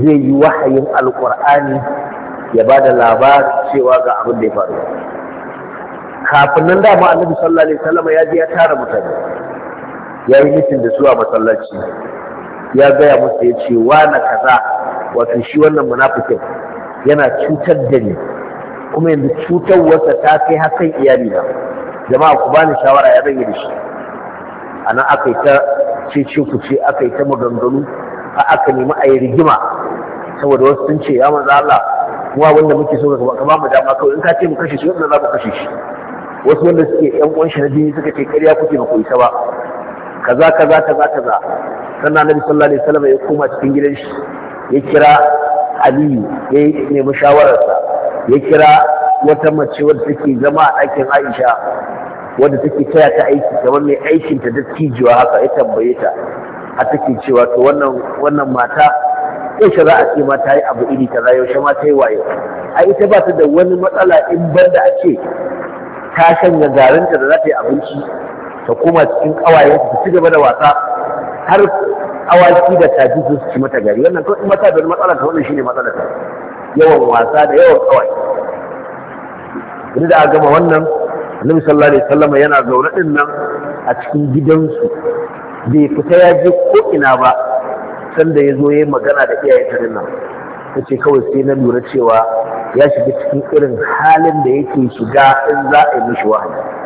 zai yi wahayin alƙur'ani ya ba da labarin cewa ga abin da ya faru kafin nan dama annabi sallallahu alaihi wasallam ya je ya tara mutane ya yi mitin da su a masallaci ya gaya musu ya ce wa na kaza wato shi wannan munafikin yana cutar da ni kuma yanzu cutarwarsa ta kai hakan iyali na jama'a ku bani shawara ya rage da shi a aka yi ta ce ku ce aka yi ta maganganu a aka nemi a yi rigima saboda wasu sun ce ya manzo Allah kuma wanda muke so ka ba mu dama kawai in ka ce mu kashe shi wanda za mu kashe shi wasu wanda suke yan uwan shi na jini suka ce karya kuke ba ku isa ba kaza kaza kaza kaza sannan annabi sallallahu alaihi wasallam ya koma cikin gidan shi ya kira aliyu ya nemi shawararsa ya kira wata mace wadda take zama a ɗakin aisha wadda take taya ta aiki kamar mai aikin ta da cijiwa haka ya tambaye ta a take cewa to wannan wannan mata yaushe za a ce ma ta yi abu iri kaza yaushe ma ta yi waye a ita ba ta da wani matsala in banda a ce ta shanya garinta da za ta yi abinci ta koma cikin kawaye ta ci gaba da wasa har awaki da tafi su ci mata gari wannan to in mata da matsala ta wannan shine matsala ta yawan wasa da yawan kawai inda a gama wannan annabi sallallahu alaihi wasallam yana zaune din nan a cikin gidansu bai fita ya je ko ina ba sanda ya zo yi magana da iyayen ta nan tace kawai sai na lura cewa ya shiga cikin irin halin da yake shiga in za a yi mishi wahayi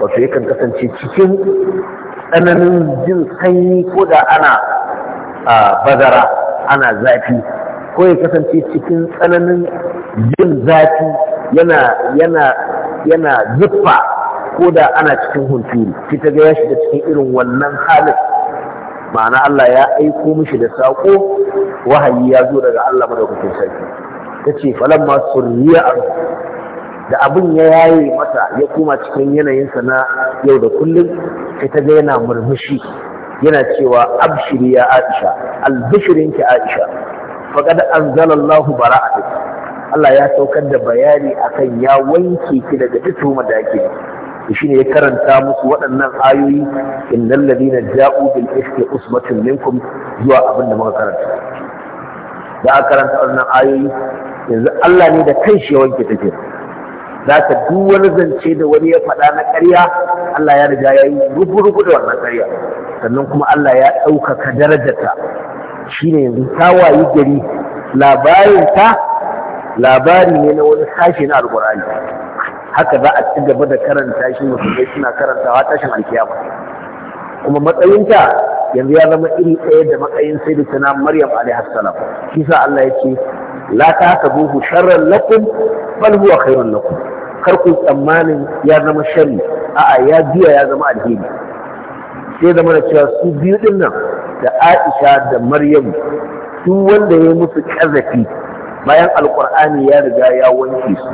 wato yakan kasance cikin tsananin jin sanyi ko da ana bazara ana zafi ko ya kasance cikin tsananin jin zafi yana yana yana zuffa ko da ana cikin hunturu fita ta ga ya shiga cikin irin wannan halin ma'ana Allah ya aiko mishi da saƙo wahayi ya zo daga Allah madaukakin sarki tace ce falamma surriya da abin ya yaye mata ya koma cikin yanayinsa na yau da kullum sai ta ga yana murmushi yana cewa abshiri ya aisha albishirin ki aisha faqad anzalallahu bara'atik Allah ya saukar da bayani akan ya wanke ki daga duk tuhumar da ake shine ya karanta musu waɗannan ayoyi innal ladina ja'u bil ifki usbatun minkum zuwa abin da muka karanta da aka karanta waɗannan ayoyi yanzu Allah ne da shi ya wanke take za ka duk wani zance da wani ya faɗa na ƙarya Allah ya riga ya yi rubu-rubu da wannan ƙarya sannan kuma Allah ya ɗaukaka darajarta shi ne yanzu ta wayi gari labarinta labari ne na wani sashe na alƙur'ani haka za a ci gaba da karanta shi musulmai suna karantawa tashin alkiyama kuma matsayinta yanzu ya zama iri ɗaya da matsayin sai da tana maryam alaihi salam shi sa Allah ya ce la ta buhu sharran lakum bal huwa khairun lakum kar ku tsammanin ya zama shari a'a ya biya ya zama alheri sai zama da cewa su biyu din nan da Aisha da Maryam su wanda ya musu kazafi bayan alkur'ani ya riga ya wanke su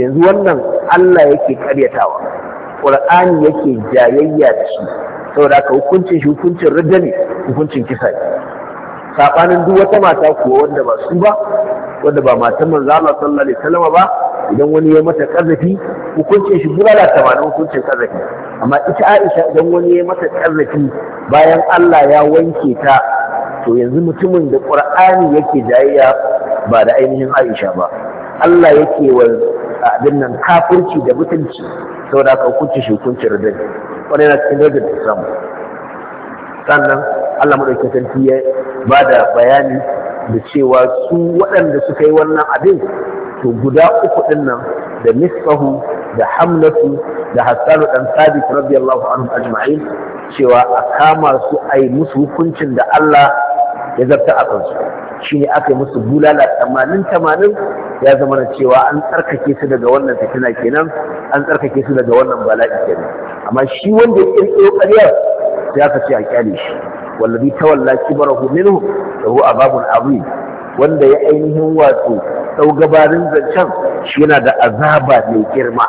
yanzu wannan Allah yake karyatawa ƙur'ani yake jayayya da shi saboda haka hukuncin shi hukuncin ridda ne hukuncin kisa ne sabanin duk wata mata kuwa wanda ba su ba wanda ba matan manzo Allah sallallahu alaihi wasallam ba idan wani ya mata ƙazafi hukuncin shi bulala tamanin hukuncin ƙazafi amma ita Aisha idan wani ya mata ƙazafi bayan Allah ya wanke ta to yanzu mutumin da Qur'ani yake jayayya ba da ainihin Aisha ba Allah yake wa abin nan kafirci da mutunci saboda ka hukunci shi hukuncin radar wani yana cikin radar da samu sannan Allah madaukakin sarki ya ba da bayani da cewa su waɗanda suka yi wannan abin to guda uku din nan da nisfahu da hamlatu da hassanu dan sadiq radiyallahu anhu ajma'in cewa a kama su a yi musu hukuncin da Allah ya zarta a kansu shine aka yi musu bulala tamanin tamanin ya zama na cewa an tsarkake su daga wannan fitina kenan an tsarkake su daga wannan bala'i kenan amma shi wanda ya kirkiro ƙaryar sai ka ce a kyale shi wallazi tawalla kibarahu minhu lahu azabun azim wanda ya ainihin wato sau gabarin zancen shi yana da azaba mai girma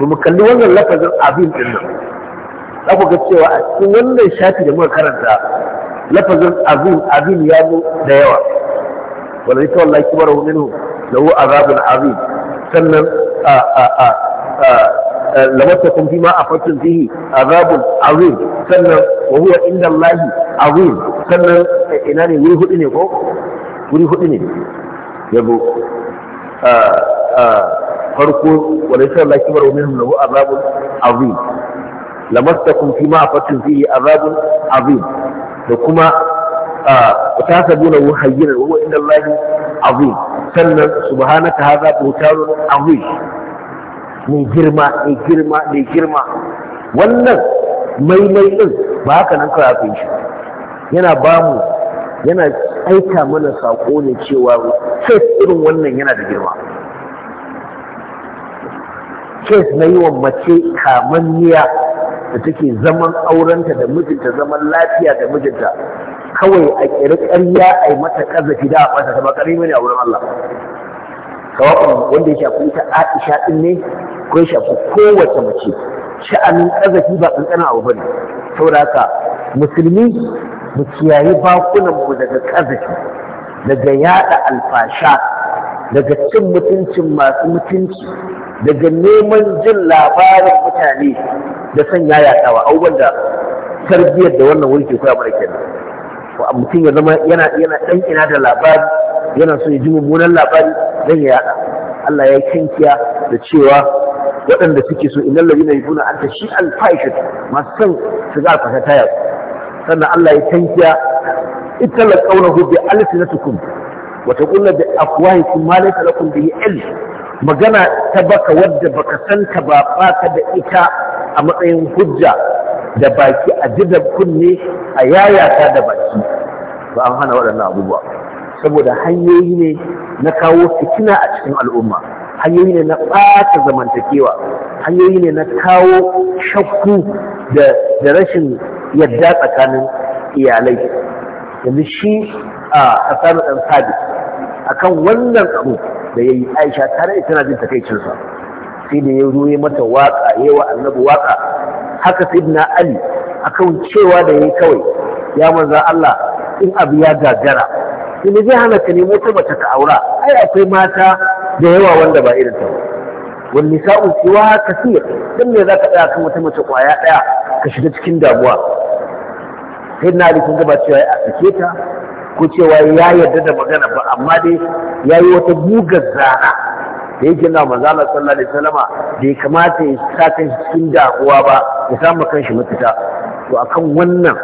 to mu kalli wannan lafazin abin din nan za ku ga cewa a cikin wannan shafi da muka karanta lafazin abin abin ya zo da yawa wala ita wallahi kibarahu minhu lahu azabun azim sannan a a a لمسكم فيما أفضتم Sannan wa عظيم سنة وهو عند Sannan ina ne wuri ويهد ne ko? wuri hudu ne yabo farko wani shan laki bar wani lahu azabun azim lamastakum fi ma fatin fihi azabun azim da kuma tasabuna hu hayyinan wa inda Allah azim sannan subhanaka hadha butanun azim mai girma mai girma mai girma wannan maimai din ba haka nan kawai shi yana ba mu yana aika mana saƙo ne cewa kes irin wannan yana da girma kes na yi wa mace kamanniya da take zaman aurenta da mijinta zaman lafiya da mijinta kawai a ƙiri ƙarya a yi mata ƙazafi da a ɓata ta ba ƙarfi ne a wurin Allah sawa'un wanda ya shafi ita Aisha ɗin ne ko ya shafi kowace mace sha'anin ƙazafi ba ƙanƙanin abu ne saboda haka musulmi mu kiyaye bakunanmu daga ƙazafi daga yada alfasha daga cin mutuncin masu mutunci daga neman jin labarin mutane da son ya yaɗawa abubuwan da tarbiyyar da wannan wuri ke koya mana kenan mutum ya zama yana yana dan ina da labari yana so ya ji mummunan labari dan ya yada Allah ya kinkiya da cewa waɗanda suke so inna ladina yufuna anta shi al faish ma san shiga alfasha ta yasu sannan Allah ya tankiya ita la kauna hubbi alsinatukum wa taqulna bi afwahikum ma laysa lakum bihi ilm magana ta baka wadda baka santa ba baka da ita a matsayin hujja da baki a jida kunne a yayata da baki ba an hana waɗannan abubuwa saboda hanyoyi ne na kawo fitina a cikin al'umma hanyoyi ne na ɓata zamantakewa hanyoyi ne na kawo shakku da rashin yadda tsakanin iyalai yanzu shi a hasanu ɗan sabit akan wannan abu da ya yi aisha tare da tana jin takaicinsa sai da ya zo ya mata waka ya wa annabi waka haka sidna ali akan cewa da ya yi kawai ya manza Allah in abu ya gagara in zai hana ka nemo ta mace ka aura ai akwai mata da yawa wanda ba irin ta ba wal nisa'u siwa kaseer dan me zaka tsaya kan wata mace kwaya daya ka shiga cikin damuwa sai na ali gaba cewa a sake ta ko cewa ya yarda da magana ba amma dai yayi wata bugar zana da yake na manzo Allah sallallahu alaihi wasallama bai kamata ya sa kan cikin damuwa ba ya samu kanshi mafita to akan wannan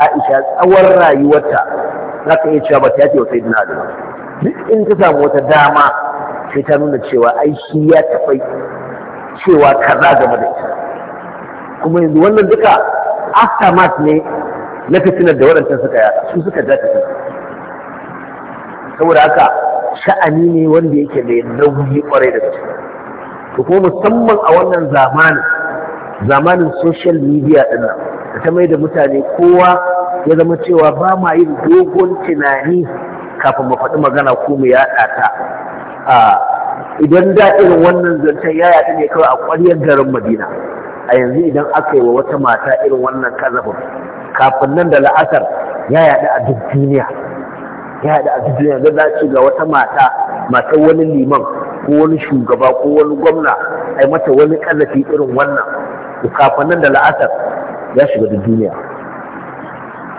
Aisha tsawon rayuwarta ka iya cewa ba ta yace wa sai Ali duk in ta samu wata dama sai ta nuna cewa ai ya taɓa cewa kaza game da ita kuma yanzu wannan duka aftermath ne na fitinar da waɗancan suka yaɗa su suka ja saboda haka sha'ani ne wanda yake mai nauyi kwarai da gaske to kuma musamman a wannan zamanin zamanin social media ɗin nan da ta mai da mutane kowa ya zama cewa ba ma yin dogon tunani kafin mu faɗi magana ko mu yaɗa ta idan da irin wannan zancen ya yaɗu ne kawai a ƙwaryar garin madina a yanzu idan aka yi wa wata mata irin wannan kazafin kafin nan da la'asar ya yaɗu a duk duniya ya yaɗu a duk duniya da za ga wata mata mata wani liman ko wani shugaba ko wani gwamna ai mata wani kazafi irin wannan to kafin nan da la'asar ya shiga duk duniya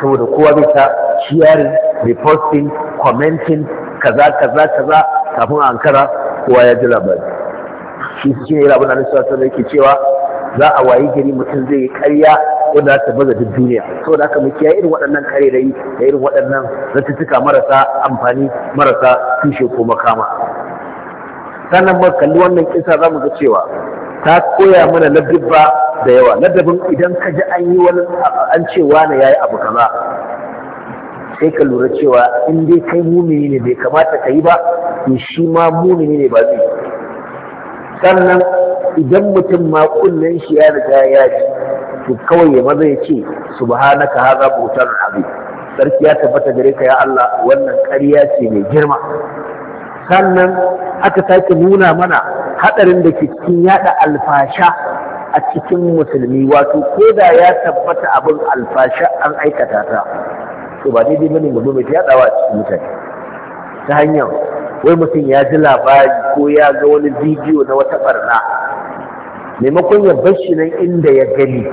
saboda kowa zai ta shiyarin reposting commenting kaza kaza kaza kafin a ankara kowa ya ji labari shi su ne abin da nisa sallar yake cewa za a wayi gari mutum zai yi karya wanda da ta baza duk duniya da aka mu ya irin waɗannan kare da irin waɗannan zattutuka marasa amfani marasa tushe ko makama sannan mu kalli wannan kisa za mu ga cewa ta koya mana ladabba da yawa ladabin idan ka ji an yi wani an ce wani yi abu kaza sai ka lura cewa in dai kai mumini ne bai kamata ka yi ba to shi ma mumini ne ba zai sannan idan mutum ma kullun shi ya riga ya ji to kawai ya maza ya ce subhanaka hadha buhtan azim sarki ya tabbata gare ka ya Allah wannan ƙarya ce mai girma sannan aka sake nuna mana hadarin da ke cikin yada alfasha a cikin musulmi wato ko da ya tabbata abin alfasha an aikata ta to ba daidai bane mu zo mai yadawa a cikin mutane ta hanyar wai mutum ya ji labari ko ya ga wani bidiyo na wata barna maimakon ya bar shi nan inda ya gani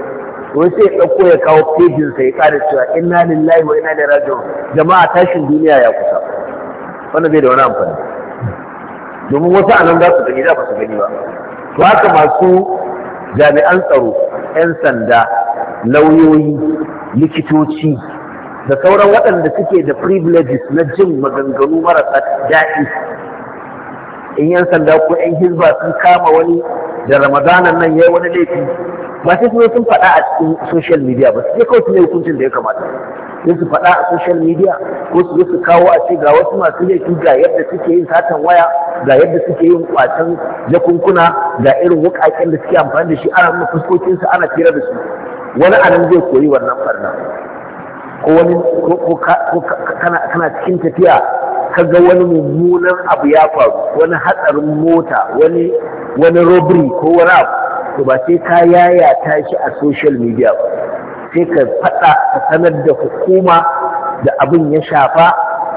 Wai sai ya ɗauko ya kawo pejinsa ya ƙara cewa inna lillahi wa ina lillahi jama'a tashin duniya ya kusa wannan bai da wani amfani domin wasu anan za su gani za su gani ba to haka masu jami'an tsaro 'yan sanda lauyoyi likitoci da sauran waɗanda suke da privileges na jin maganganu marasa daɗi in yan sanda ko yan hizba sun kama wani da ramadanan nan yi wani laifi ba sai sun sun faɗa a cikin social media ba sai kawai su hukuncin da ya kamata sai su faɗa a social media ko su su kawo a ce ga wasu masu laifi ga yadda suke yin satan waya ga yadda suke yin kwatan jakunkuna ga irin wukaken da suke amfani da shi ana nuna fuskokinsu ana fira da su wani anan zai koyi wannan farna ko wani kana cikin tafiya ka ga wani mummunan abu ya faru wani hatsarin mota wani wani robbery ko wani abu to ba sai ka yayata shi a social media sai ka faɗa ka sanar da hukuma da abin ya shafa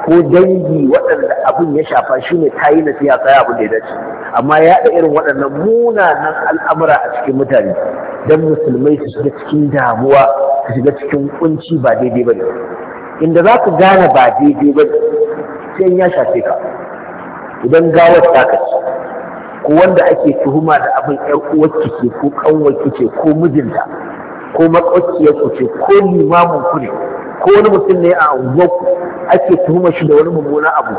ko dangi waɗanda abin ya shafa shine ta yi na siya tsaya abin da ya dace amma ya irin waɗannan munanan al'amura a cikin mutane dan musulmai su shiga cikin damuwa su shiga cikin kunci ba daidai ba ne inda za ku gane ba daidai ba ne sai ya shafe ka idan gawar ta ka ko wanda ake tuhuma da abin yar uwarki ce ko kanwarki ce ko mijinta ko makwakciyar ku ce ko limamin ku ne ko wani mutum ne a unguwarku ake tuhuma shi da wani mummuna abu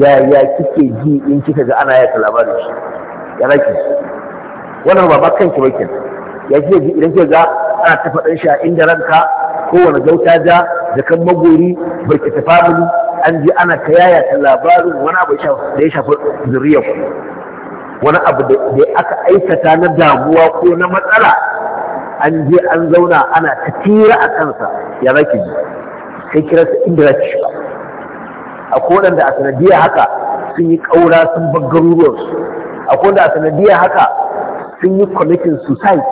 yaya kike ji in kika ga ana yaka labarin shi ya rake wannan ba ba kanki ba kenan ya ce ji idan ke ga ana ta faɗin shi a inda ranka kowane gauta ja kan magori ta famili an ji ana ta yaya ta labarin wani abu da ya shafi zuriyar wani abu da aka aikata na damuwa ko na matsala an je an zauna ana ta tira a kansa ya zaki ji sai kira su inda ki shi a da a sanadiyar haka sun yi ƙaura sun bar garuruwarsu a da a sanadiyar haka sun yi committing suicide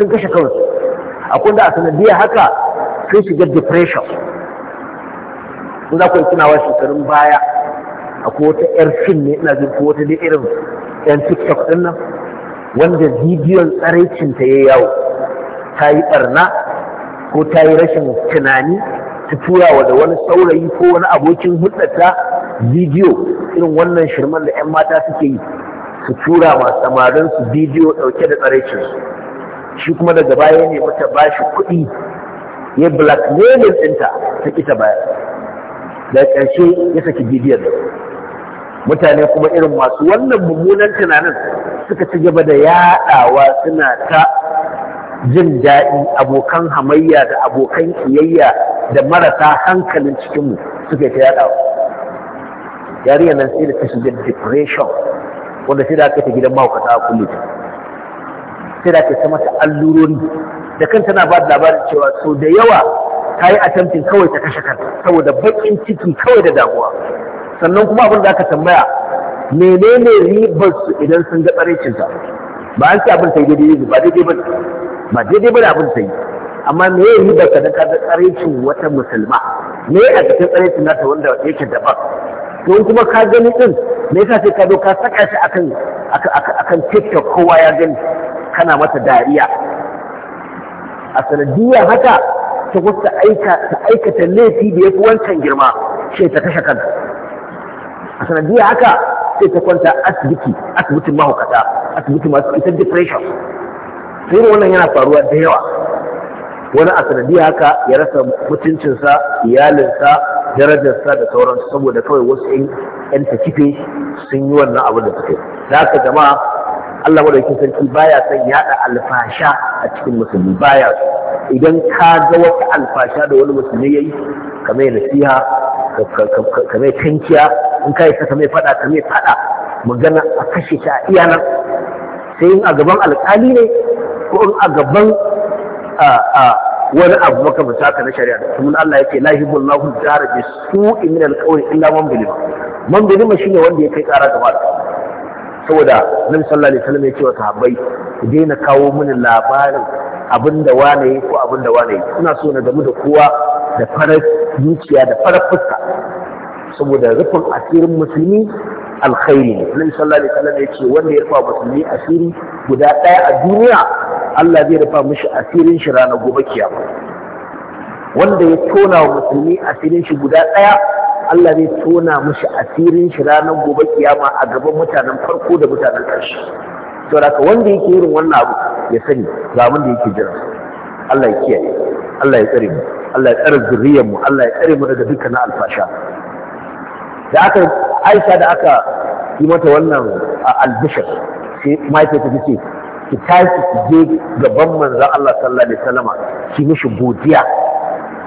sun kashe kansu akwai kunda a sanadiyar haka sun shiga depression sun za ku yi tunawa shekarun baya akwai wata yar fim ne ina jin ko wata dai irin yan tiktok din nan wanda bidiyon ta ya yawo ta yi barna ko ta yi rashin tunani ta tura da wani saurayi ko wani abokin hulɗata bidiyo irin wannan shirman da 'yan mata suke yi su tura ma samarinsu bidiyo dauke da tsaraicinsu shi kuma daga baya ne mata shi kuɗi ya black blackmailing ɗinta ta ita baya da ƙarshe ya saki bidiyon mutane kuma irin masu wannan mummunan tunanin suka ci gaba da yaɗawa suna ta jin daɗi abokan hamayya da abokan kiyayya da marasa hankalin cikinmu suka yi ta yaɗawa Yari nan sai da ta shiga depression wanda sai da aka ta gidan mahaukata a kullum sai da ke sama ta alluroni. da kan tana ba da labarin cewa sau da yawa ta yi attempting kawai ta kashe kanta saboda baƙin ciki kawai da damuwa sannan kuma abin da aka tambaya menene ribar su idan sun ga ta ba an ce abin sai dai daidai ba daidai ba ba daidai ba da abin sai amma me ya ribar ka da ka ga wata musulma me a cikin tsaraicin nata wanda yake ba to kuma ka gani din me yasa sai ka zo ka saka shi akan akan TikTok kowa ya gani kana mata dariya a sanadiyar haka ta wasu aikata laifi da ya fi wancan girma sai ta kashe kanta a sanadiyar haka sai ta kwanta asibiti asibitin mahaukata asibiti masu ita depression sai wannan yana faruwa da yawa wani a sanadiyar haka ya rasa mutuncinsa iyalinsa darajarsa da sauransu saboda kawai wasu 'yan kife sun yi wannan abin da suke. da haka jama'a Allah madaukakin sarki baya son yada alfasha a cikin musulmi baya so idan ka ga wata alfasha da wani musulmi yayi kamar nasiha kamar tankiya in ka yi ta kamar fada kamar fada magana a kashe ta a nan, sai in a gaban alkali ne ko in a gaban wani abu maka mu haka na shari'a kuma Allah yake la yuhibbu Allahu jahra su'i min illa man bilima man bilima shine wanda ya kai kara gaba da saboda nan sallah alaihi wasallam ya ce wa sahabbai ku daina kawo mini labarin abin da wane yi ko abin da wane yi ina so na gamu da kowa da farar zuciya da farar fuska saboda rufin asirin musulmi alkhairi ne nan sallah alaihi wasallam ya wanda ya rufa musulmi asiri guda ɗaya a duniya Allah zai rufa mishi asirin shi rana gobe kiyama wanda ya tona wa musulmi asirin shi guda ɗaya Allah zai tona mushi asirin shi ranar gobe kiyama a gaban mutanen farko da mutanen ƙarshe saboda wanda yake irin wannan abu ya sani ga abin da yake jira Allah ya kiyaye Allah ya tsare mu Allah ya tsare zuriyar mu Allah ya tsare mu daga dukkanin alfasha da aka Aisha da aka yi mata wannan albishir sai mahaifiyarta ta ce ki tashi ki je gaban manzon Allah sallallahu alaihi wasallama ki mishi godiya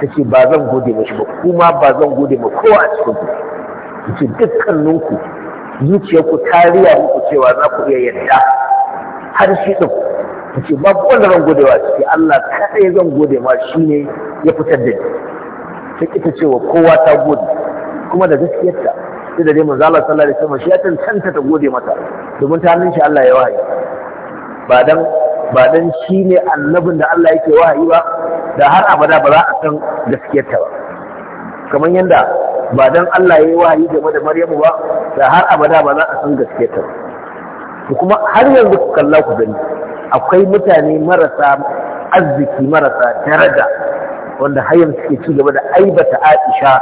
ta ce ba zan gode mashi ba kuma ba zan gode ma kowa a cikin ku ta ce nunku zuciyarku ku tariya muku cewa za ku iya yadda har shi ɗin ta ce ba wanda zan gode wa ciki Allah kaɗai zan gode ma shi ne ya fitar da ni ta ƙi ta wa kowa ta gode kuma da gaskiyarta sai da dai manzo Allah sallallahu alaihi wasallam shi ya tantanta ta gode mata domin ta hannun shi Allah ya wahayi ba dan ba dan shi ne annabin da Allah yake wahayi ba da har abada ba za a san gaskiyarta ba kamar yadda ba dan Allah ya yi wahayi game da Maryamu ba da har abada ba za a san gaskiyarta ba ku kuma har yanzu ku kalla ku gani akwai mutane marasa arziki marasa daraja wanda har yanzu suke ci gaba da aibata Aisha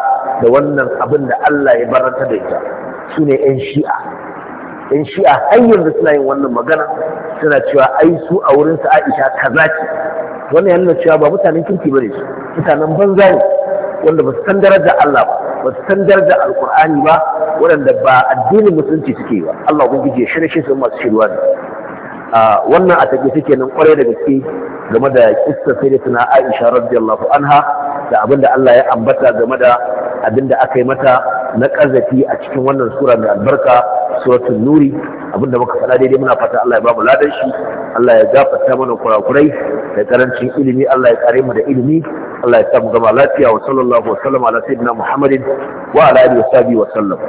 da wannan abin da Allah ya baranta da ita su ne 'yan shi'a ‘yan shi'a har yanzu suna yin wannan magana suna cewa ai su a wurinsa aisha kaza ce wannan yana cewa ba mutanen kirki bane su mutanen banza ne wanda ba su san daraja Allah ba ba su san daraja alkur'ani ba waɗanda ba addinin musulunci suke ba Allah ubangiji ya shirye su masu shirwa ne wannan a take take nan kwarai da gaske game da kissa sai da tuna Aisha radiyallahu anha da abinda Allah ya ambata game da abinda aka yi mata na ƙazafi a cikin wannan sura mai albarka suratun nuri abinda muka faɗa daidai muna fata Allah ya bamu ladan shi Allah ya gafarta mana kurakurai da karancin ilimi Allah ya kare mu da ilimi Allah ya samu gama lafiya wa sallallahu wa sallama ala sayyidina Muhammadin wa ala alihi wa sahbihi wa sallam